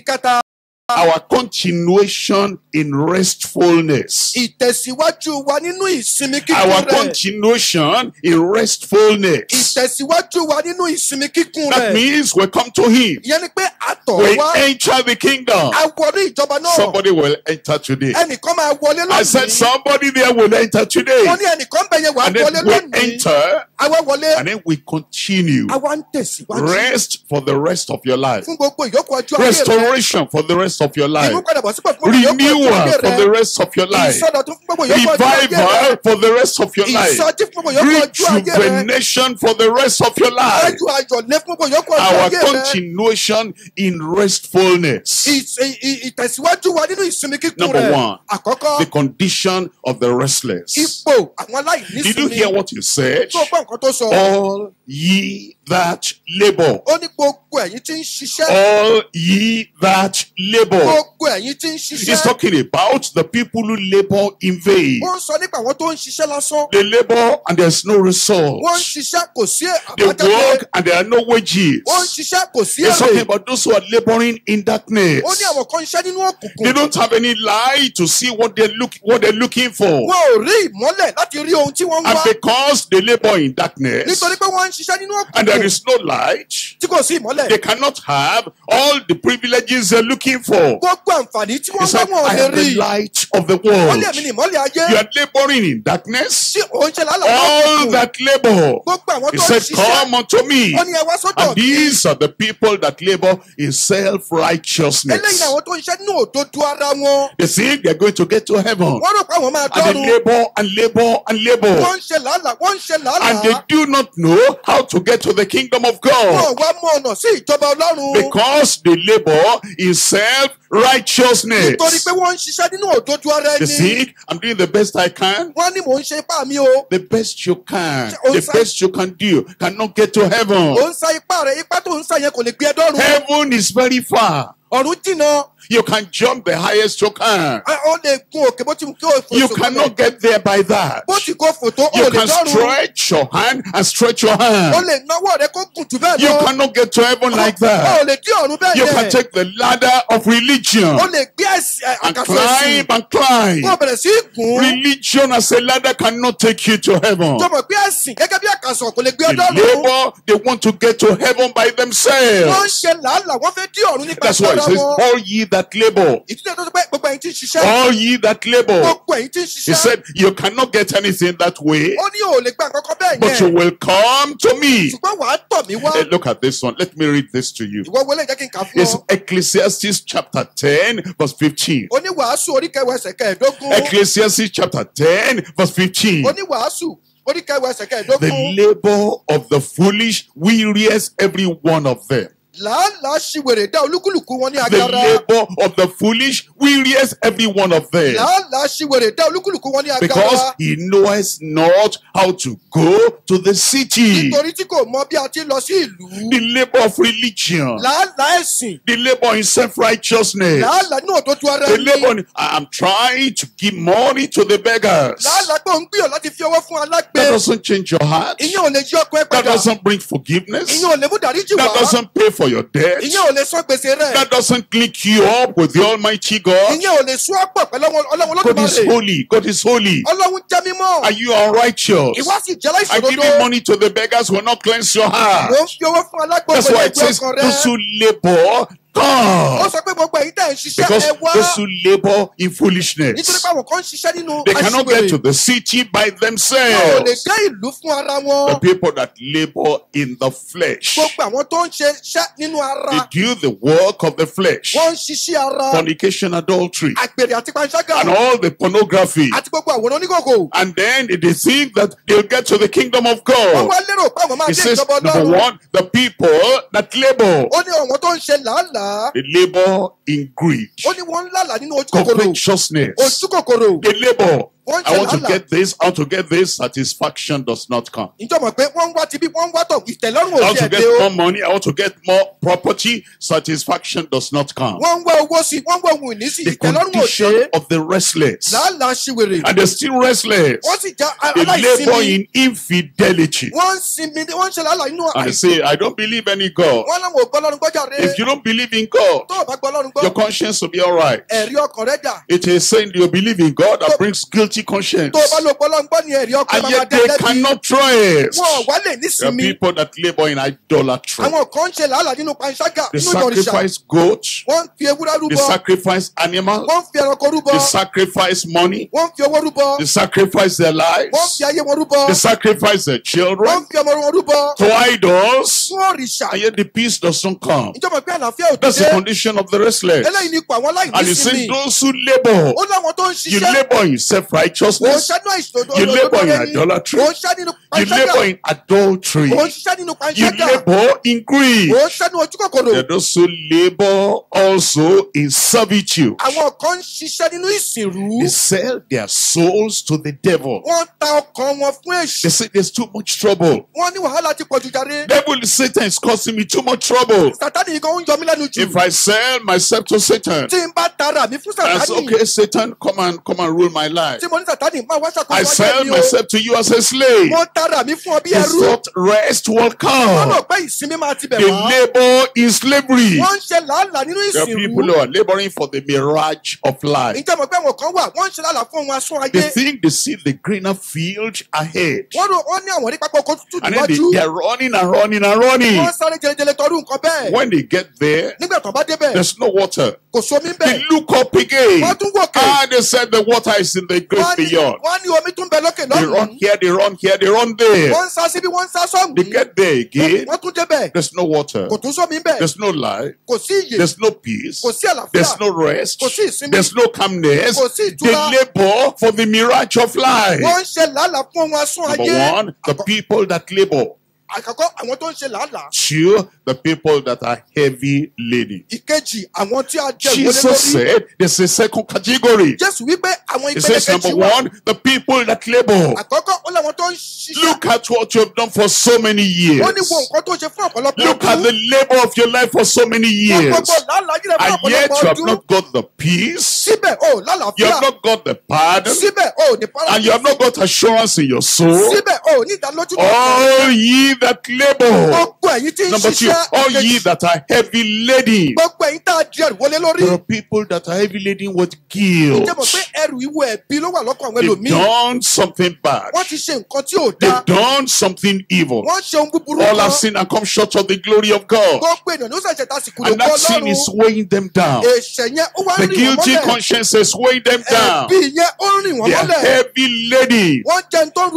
味方 our continuation in restfulness. Ìtẹ̀síwájú wa nínú ìsinmi kíkún rẹ̀. Our continuation in restfulness. Ìtẹ̀síwájú wa nínú ìsinmi kíkún rẹ̀. That means we come to him. Ìyẹn ni pé àtọ̀ wá. We enter the kingdom. A wọlé ìjọba náà. Somebody will enter today. Ẹnìkan máa wọlé lónìí. I said somebody there will enter today. Wọ́n ní ẹnìkan bẹ̀yẹn wà wọlé lónìí. And then we enter. Àwa wọlé. And then we continue. Àwa tẹ̀síwájú. Rest for the rest of your life. Fún gbogbo ìyókù ọjọ́ ayé rẹ̀. Restoration for the rest rest of your life. Renewal for the rest of your life. Revival for the rest of your life. Rejuvenation for the rest of your life. Our continuation in restfulness. Number one, the condition of the restless. Did you hear what you said? All ye that labour. ó ní gbogbo ẹ̀yin tí ń ṣiṣẹ́. all ye that labour. gbogbo ẹ̀yin tí ń ṣiṣẹ́. he is talking about the people who labour in vain. ó sọ nípa àwọn tó ń ṣiṣẹ́ lásán. they labour and there is no result. wọ́n ṣiṣẹ́ kò sí àbájáde. they work and there are no wages. wọ́n ṣiṣẹ́ kò sí èrè. he is talking about those who are labouring in darkness. ó ní àwọn kan ṣiṣẹ́ nínú òkùnkùn. they don't have any light to see what they look what they looking for. wọn ò rí ìmọ́lẹ̀ láti rí ohun tí wọ́n ń wá. and because they labour in darkness. nítorí pé wọ́n ń and there is no light, they cannot have all the privileges they're looking for. He said, I am the light of the world. You are laboring in darkness. All that labor. He said, Come unto me. And these are the people that labor in self righteousness. They think they're going to get to heaven. And they labor and labor and labor. And they do not know how to get to the kingdom of God. Because they labor in self righteousness. You see, I'm doing the best I can. The best you can. The best you can do cannot get to heaven. Heaven is very far. You can jump the highest you can. You cannot get there by that. You can stretch your hand and stretch your hand. You cannot get to heaven oh, like that. Oh, you can take the ladder of religion oh, uh, and climb and climb. Religion as a ladder cannot take you to heaven. The labor, they want to get to heaven by themselves. That's why it says, all ye that that labor. All ye that labor. He said, You cannot get anything that way. But you will come to me. Hey, eh, look at this one. Let me read this to you. It's Ecclesiastes chapter 10, verse 15. Ecclesiastes chapter 10, verse 15. The labor of the foolish wearies every one of them. The labor of the foolish wearies every one of them. Because he knows not how to go to the city. The labor of religion. The labor in self-righteousness. The labor in, I'm trying to give money to the beggars. That doesn't change your heart. That doesn't bring forgiveness. That doesn't pay for for your debt. That doesn't link you up with the almighty God. God is holy. God is holy. Are you unrighteous? I give you money to the beggars will not cleanse your heart. That's why it says those who labour God. Because those who labor in foolishness, they cannot get to the city by themselves. The people that labor in the flesh, they do the work of the flesh, fornication, adultery, and all the pornography. And then they think that they'll get to the kingdom of God. He says, number one, the people that labor. The labor in greed, covetousness, they labor. I want to get this, I want to get this, satisfaction does not come. I want to get more money, I want to get more property, satisfaction does not come. The condition of the restless. And they're still restless. They labor in infidelity. I say, I don't believe any God. If you don't believe in God, your conscience will be alright. It is saying you believe in God that brings guilty conscience. And yet they cannot trust. Wọ́n wá The people that labour in idolatry. Àwọn They sacrifice goats. Wọ́n They sacrifice animal. Wọ́n They sacrifice money. Wọ́n They sacrifice their lives. Wọ́n They sacrifice their children. To idols. And yet the peace does not come. That's the condition of the restless useless. and you see, those who labour. you labour in self righteousness. you labour in idolatry. you labour in adultery. you labour in greed. o ṣá those who labour also in servitude. they sell their souls to the devil. they say there's too much trouble. devil Satan is causing me too much trouble. if I sell myself except to Satan. Tí okay, Satan, come and come and rule my life. I sell myself to you as a slave. Mo thought rest will come. The labour is slavery. The people who are labouring for the mirage of life. They think they see the greener field ahead. And then they, are running and running and running. When they get there. There's no water water. They look up again. And they said the water is in the great beyond. They run here, they run here, they run there. They get there again. There's no water. There's no life. There's no peace. There's no rest. There's no calmness. They labor for the mirage of life. Number one, the people that labor àkọ́kọ́ tó the people that are heavy laden. Jesus said there is a second category. Jésù He says number one the people that labour. Look at what you have done for so many years. Look at the labour of your life for so many years. And yet you have not got the peace. You have not got the pardon. And you have not got assurance in your soul. All ye that labor. Number two, all ye that are heavy laden. There are people that are heavy laden with guilt. They've done something bad. They've done something evil. All have sinned and come short of the glory of God. And that sin is weighing them down. The guilty conscience is weighing them down. They are heavy laden.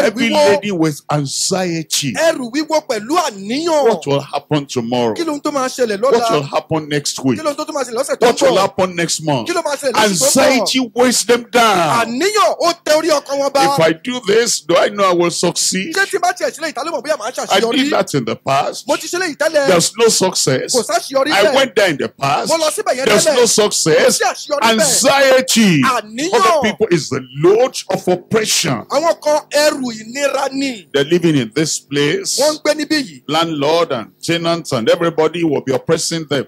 Heavy laden with anxiety wíwọ pẹ̀lú àníyàn. what will happen tomorrow. kí ló ń tó máa ṣẹlẹ̀ lọ́la. what will happen next week. kí ló ń tó máa ṣẹlẹ̀ lọ́sẹ̀ tó ń bọ̀. what will happen next month. kí ló máa ṣẹlẹ̀ lọ́sẹ̀ tó ń bọ̀. anxiety weighs them down. àníyàn ó tẹ orí ọkàn wọn bá. if I do this do I know I will succeed. ṣé tí n bá tiẹ̀ ṣe lè ìtàlẹ́ mọ̀ bóyá màá ṣàṣeyọrí. I did that in the past. mo ti ṣe lè there is no success. kò sáṣeyọrí bẹ́ẹ̀. I went there in the past. mo lọ síbẹ̀ yẹn tẹ́lẹ̀. there is no success. kò sí bẹ́ẹ̀. anxiety. other people is the load of oppression. àwọn kan ẹrù ìnira ni. they are living in this place. wọ́n landlord and tenants and everybody will be oppressing them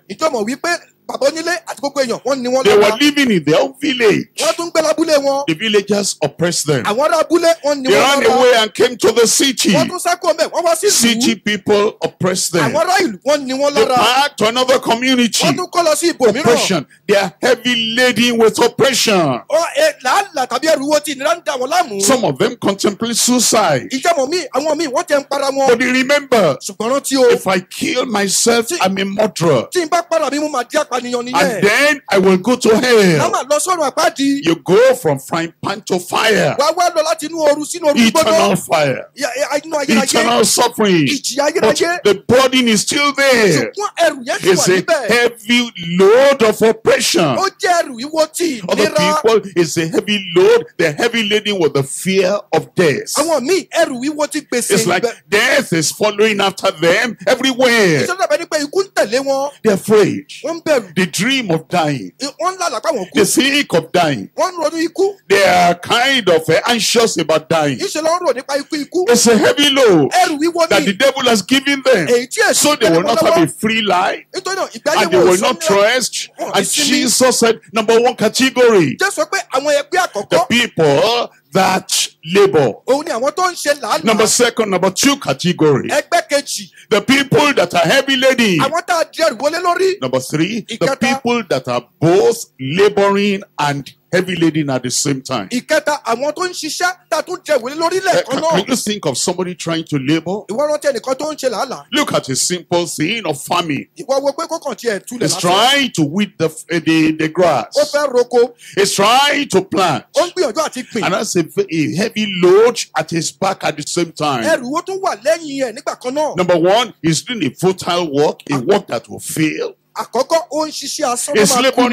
bàbá onílé àti gbogbo èèyàn wọ́n ní wọ́n lọ́wọ́. they were living in their own village. wọ́n tún gbé lábúlé wọn. the villagers oppressed them. àwọn arábúlé wọ́n ní wọ́n lọ́wọ́. they ran away and came to the city. wọ́n tún sákò mẹ́ wọ́n wá sí ìlú. city people oppressed them. àwọn ará ìlú wọ́n ní wọ́n lára. they back to another community. wọ́n tún kọ́ lọ sí ibòmíràn. oppression they are heavy laden with oppression. ọ ẹ làálàá tàbí ẹrù wo ti ìnira ń da wọn láàmú. some of them contemplate suicide. ìjàmọ̀ mi àwọn mi wọ́n tẹ ń para wọn. but remember. ṣùgbọ́n rántí o. if I kill myself I'm a murderer. tí n bá para mi mo máa di apá nìyẹn. and then I will go to hell. lọ sọ́run àpáàdì. you go from frying pan to fire. wà wá lọ láti inú ooru sínú eternal fire. inú eternal suffering. but the burden is still there. ṣùgbọ́n ẹrù yẹn ti wà níbẹ̀. it's a heavy load of oppression. ó jẹ́ ẹrù ìwọ tí ìlera. other people it's a heavy load the heavy laden with the fear of death. àwọn míì ẹrù ìwọ ti gbèsè. it's like death is following after them everywhere. ẹni pé ikú ń tẹ̀lé wọn. they're afraid. wọ́n bẹ̀rù. The dream of dying. They think of dying. They are kind of eh, anxious about dying. It's a heavy load that the devil has given them. So they will not have a free life. And they will not trust. And Jesus said, number one category. The people that labor. Number second, number two category. The people that are heavy laden. Number three, the people that are both laboring and heavy laden at the same time. Ìkẹta àwọn tó ń ṣiṣẹ́ tá tún jẹ eh, náà. Can you think of somebody trying to labour? Ìwọ rántí ẹnìkan tó ń ṣe Look at a simple scene of farming. Ìwọ wo pé kókàn tiẹ̀ túlẹ̀ lásán. He's trying to weed the, eh, the, the grass. Ó fẹ́ roko. He's trying to plant. Ó ń gbìyànjú And that's a, a heavy heavy load at his back at the same time. Ẹrù wo tún wà lẹ́yìn ẹ̀ nígbà kan náà. Number one, he's doing a futile work, a work that will fail. Àkọ́kọ́ ó ń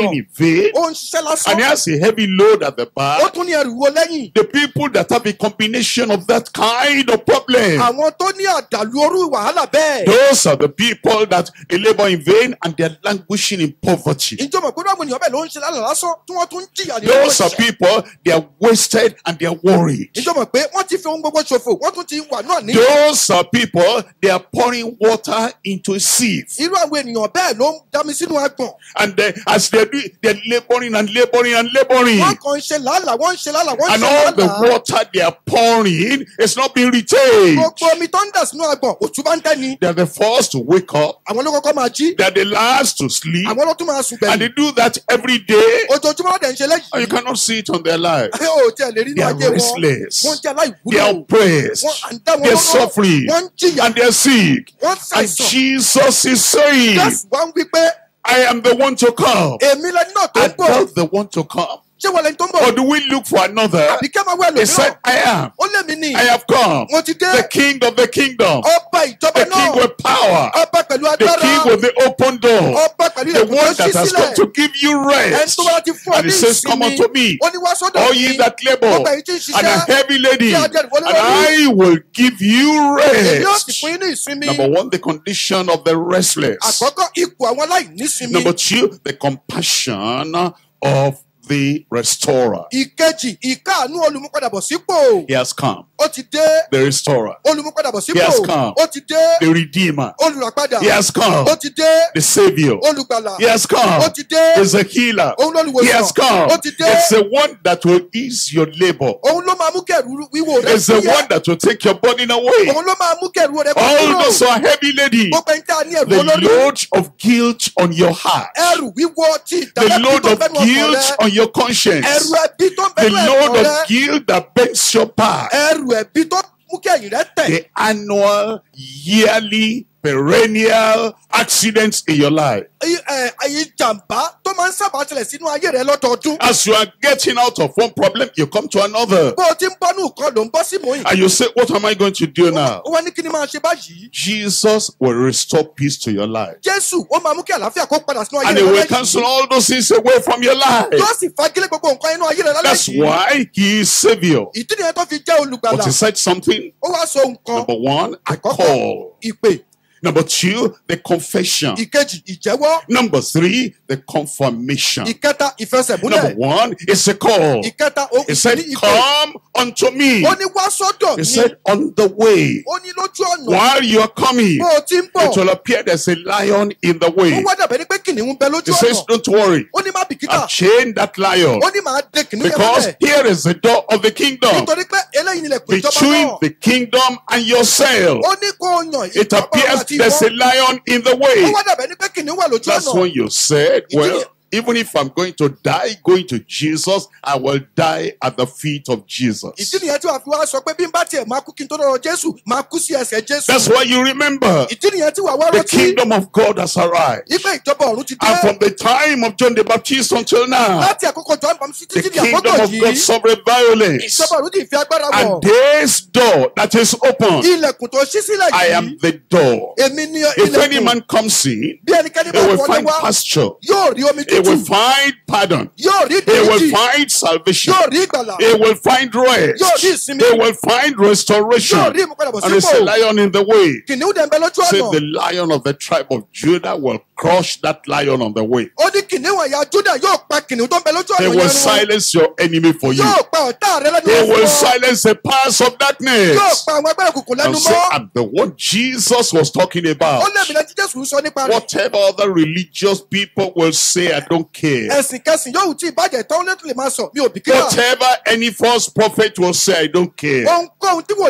in vain. Ó ń ṣiṣẹ́ lásán. And he has a heavy load at the back. Ó tún ní ẹrù wo lẹ́yìn. The people that have a combination of that kind of problem. Àwọn tó ní àdàlú wàhálà bẹ́ẹ̀. Those are the people that they labour in vain and they are languishing in poverty. ló ń ṣe lálẹ́ lásán tí wọ́n tún jìyà Those are people they are wasted and they are worried. pé wọ́n ti fi ohun gbogbo ṣòfò wọ́n tún ti wà náà ní. Those are people they are pouring water into a sieve. Irú àwọn ènìyàn bẹ́ẹ̀ ló ń and they, as they do, they're laboring and laboring and laboring. And all the water they are pouring is not being retained. They're the first to wake up. They're the last to sleep. And they do that every day. And you cannot see it on their life. Oh, they are restless. They are oppressed. They are suffering. And they are sick. And Jesus is saying, I am the one to come. I am the one to come ṣé wọlé tó ń bọ̀. or do we look for another. àbí ká máa wẹ̀ lómìíràn. he said I am. ó lé mi ní. I have come. mo ti dé. the king of the kingdom. ọba ìjọba náà. the king with power. ọba pẹ̀lú agbára. the king with the open door. ọba pẹ̀lú ìyàtọ̀ tó ṣí sílẹ̀. the one that has come to give you rest. ẹni tó bá ti fún ọ ìsinmi. and he says come unto me. ó ní wá sọ́dọ̀ mi. all ye that labour. ọba yìí ti ń ṣiṣẹ́. and a heavy lady. and I will give you rest. èmi sì fún yín ní ìsinmi. number one the condition of the restless. number two the compassion of the restorer. Ìkejì, ìkáàánú olùmúpadàbọ̀sípò. He has come. the restorer. He has come. The redeemer. He has come. The savior. He has come. He's a healer. He has come. It's the one that will ease your labor. It's the one that will take your burden away. All those are heavy lady. The load of guilt on your heart. The load of guilt on your conscience. The load of guilt that bends your path. ẹ̀bí tó mú kí ẹ̀yìn rẹ tẹ̀. the annual yearly perennial accidents in your life. As you are getting out of one problem, you come to another. And you say, What am I going to do now? Jesus will restore peace to your life. And he will cancel all those things away from your life. That's why he is Savior. But he said something. Number one, I call. Number two, the confession. Number three, the confirmation. Number one, it's a call. He said, Come unto me. He said, On the way. While you are coming, it will appear there's a lion in the way. He says, Don't worry. I've chained that lion. Because here is the door of the kingdom. Between the kingdom and yourself, it appears there's a lion in the way. That's when you said, well, even if I'm going to die going to Jesus, I will die at the feet of Jesus. That's why you remember the kingdom of God has arrived. And from the time of John the Baptist until now, the kingdom of God suffered violence. And this door that is open, I am the door. If any man comes in, they will find pasture. He will find pardon. He will find salvation. He will find rest. He will find restoration. And it's a lion in the way. Say the lion of the tribe of Judah will crush that lion on the way. They will silence your enemy for you. They will silence the powers of darkness. And say, and the what Jesus was talking about. Whatever other religious people will say and don't care. Whatever any false prophet will say, I don't care. Whatever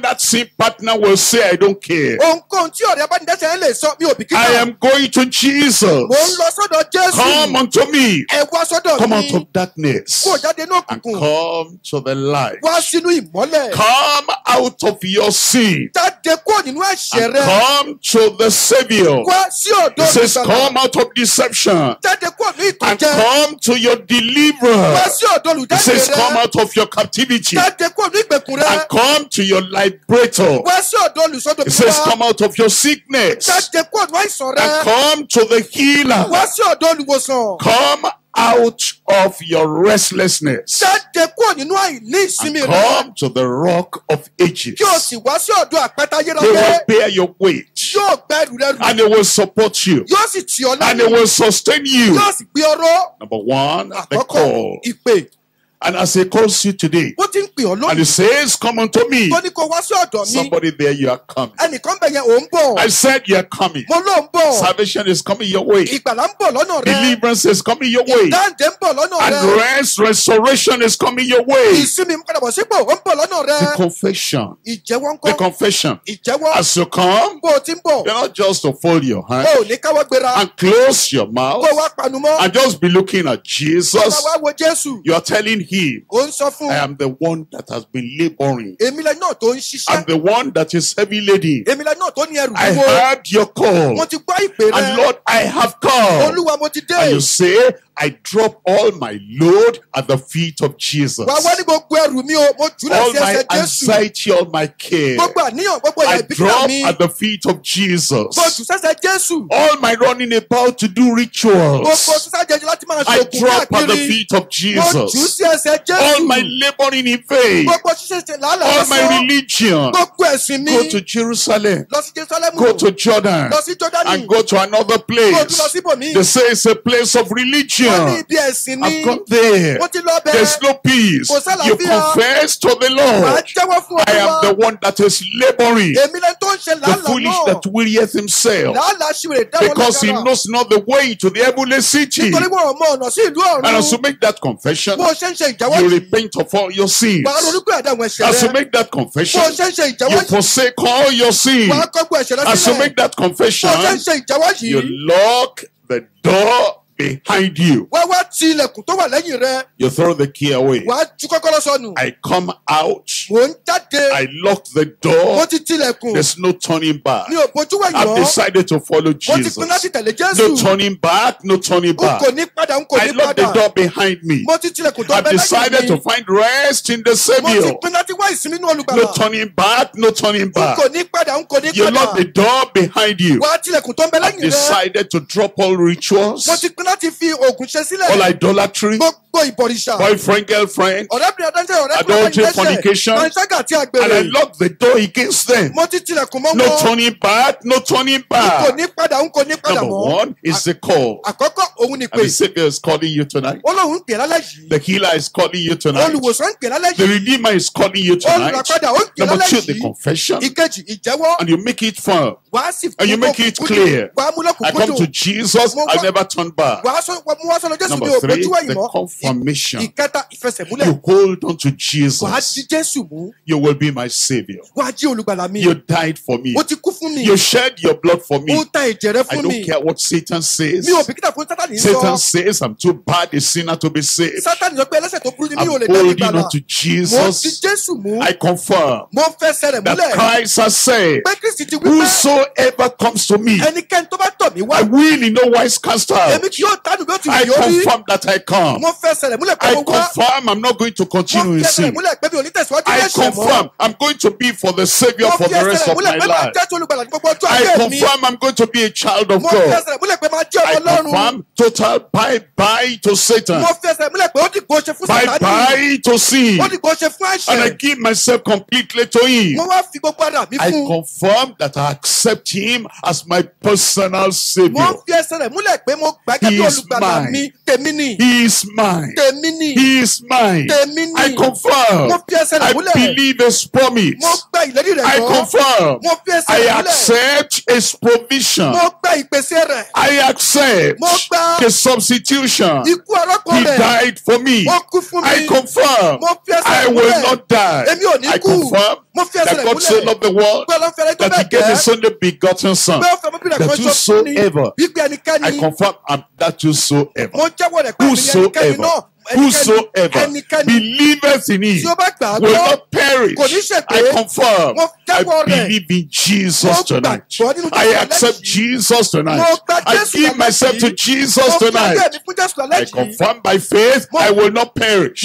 that sin partner will say, I don't care. I am going to Jesus. Come unto me. Come out of darkness. And come to the light. Come out of your sin. And come to the Saviour. He says, come out out of deception and come to your deliverer. He says, Come out of your captivity and come to your liberator. He says, Come out of your sickness and come to the healer. Come out of your restlessness. Jáde kúrò nínú àìní ìsinmi rẹ. And come to the rock of ages. Yóò sì wá sí ọ̀dọ̀ àpáta ayérayé. They will bear your weight. Yóò gbẹ ẹrù And they will support you. Yóò sì tì ọ́ lọ́wọ́. And they will sustain you. Yóò sì gbé ọ̀rọ̀. Number one, the call. Àkọ́kọ́ ìpè. And as he calls you today, and he says, Come unto me. Somebody there, you are coming. I said, You are coming. Salvation is coming your way. Deliverance is coming your way. And rest, restoration is coming your way. The confession. The confession. As you come, you're not just to fold your hands and close your mouth and just be looking at Jesus. You are telling him he. I am the one that has been laboring ṣiṣẹ́. I'm the one that is heavy laden. I heard your call. And Lord, I have come. And you say, I drop all my load at the feet of Jesus. All my anxiety, all my care. I drop at the feet of Jesus. All my running about to do rituals. I drop at the feet of Jesus. All my laboring in vain. All my religion. Go to Jerusalem. Go to Jordan. And go to another place. They say it's a place of religion. I've gone there. There's no peace. You confess to the Lord. I am the one that is laboring. The foolish that wearieth himself. Because he knows not the way to the heavenly city. And as to make that confession, you repent of all your sins. As you make that confession, you forsake all your sins. As you make that confession, you lock the door behind you. You throw the key away. I come out. I lock the door. There's no turning back. wẹ̀yọ́. I've decided to follow Jesus. No turning back, no turning back. I lock the door behind me. I've decided to find rest in the Saviour. No turning back, no turning back. You lock the door behind you. rẹ. I've decided to drop all rituals láti fi ògùn ṣe sílẹ̀. all idolatry boyfriend, girlfriend, adultery, fornication, and I lock the door against them. No turning back, no turning back. Number one is the call. And the Savior is calling you tonight. The healer is calling you tonight. The Redeemer is calling you tonight. Number two, the confession. And you make it firm. And you make it clear. I come to Jesus, I never turn back. Number three, the confession. Confirmation. you hold on to Jesus. You will be my Savior. You died for me. You shed your blood for me. I don't care what Satan says. Satan says, I'm too bad a sinner to be saved. I'm holding on to Jesus. I confirm that Christ has said, Whosoever comes to me, I will in no wise cast out. I confirm that I come. I confirm I'm not going to continue in sin. I confirm I'm going to be for the Savior for the rest of my life. I confirm I'm going to be a child of God. I confirm total bye bye to Satan. Bye bye to sin. And I give myself completely to Him. I confirm that I accept Him as my personal Savior. He is mine. He is mine mine. He is mine. I confirm. I believe his promise. I confirm. I accept his provision. I accept the substitution. He died for me. I confirm. I will not die. I confirm that God so loved the world that He gave His only begotten Son. That whosoever I confirm, and that whosoever, whosoever whosoever believeth in him will not perish. I confirm. I believe in Jesus tonight. I accept Jesus tonight. I give myself to Jesus tonight. I confirm by faith I will not perish.